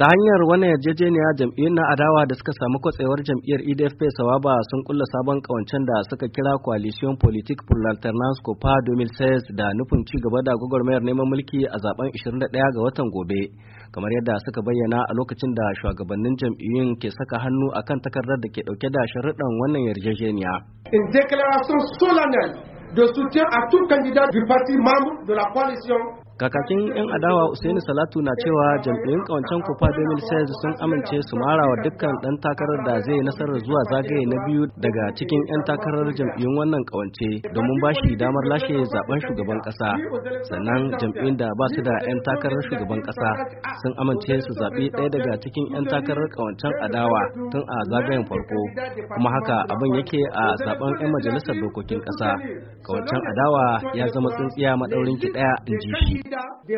ta hanyar wannan yarjejeniya jam'iyyun na adawa da suka samu kwatsewar jam'iyyar edfp sawaba sun kulla sabon kawancen da suka kira coalition politique pour l'alternance copa 2016 da nufin ci gaba da gwagwarmayar neman mulki a zaben 21 ga watan gobe kamar yadda suka bayyana a lokacin da shugabannin jam'iyyun ke saka hannu akan takardar da ke dauke da sharuɗan wannan yarjejeniya in declaration solennelle de soutien à tout candidat du parti membre de la coalition kakakin 'yan adawa Usaini Salatu na cewa jam'iyyun kawancen Copa 2016 sun amince su marawa dukkan dan takarar da zai nasarar zuwa zagaye na biyu daga cikin 'yan takarar jam'iyyun wannan kawance domin ba shi damar lashe zaben shugaban kasa sannan jam'iyyun da ba su da 'yan takarar shugaban kasa sun amince su zaɓi ɗaya daga cikin 'yan takarar kawancen adawa tun a zagayen farko kuma haka abin yake a zaben 'yan majalisar dokokin kasa kawancen adawa ya zama tsintsiya maɗaurin ki ɗaya in ji shi shida de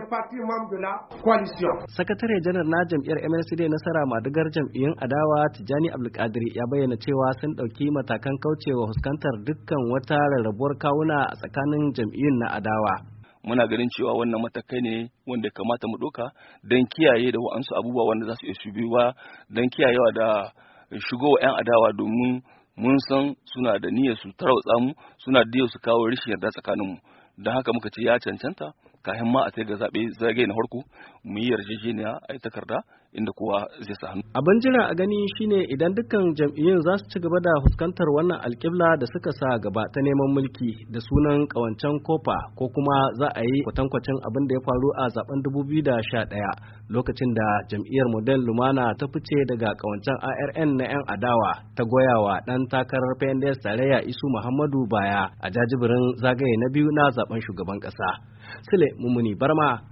la coalition. Sakatare janar na jam'iyyar MNC dai nasara Madugar jam'iyyun adawa Tijjani Abdulkadir ya bayyana cewa sun ɗauki matakan kaucewa fuskantar dukkan wata rarrabuwar kawuna a tsakanin jam'iyyun na adawa. muna ganin cewa wannan matakai ne wanda kamata mu ɗauka don kiyaye da wa'ansu abubuwa wanda za su iya shubewa don kiyayewa da shigowa 'yan adawa domin mun san suna da niyyar su tarwatsa mu suna da su kawo rashin yarda tsakaninmu don haka muka ce ya cancanta kafin ma a sai da zaɓe zagai na farko mu yi yarjejeniya a takarda inda kowa zai sa hannu. Abin jira a gani shine idan dukkan jam'iyyun za su ci gaba da fuskantar wannan alƙibla da suka sa gaba ta neman mulki da sunan ƙawancen kofa ko kuma za a yi kwatankwacin abin da ya faru a zaben ɗaya lokacin da jam'iyyar model lumana ta fice daga ƙawancen arn na 'yan adawa ta goya wa ɗan takarar pnds tarayya isu muhammadu baya a jajibirin zagaye na biyu na zaben shugaban ƙasa. Sule Mumuni Barma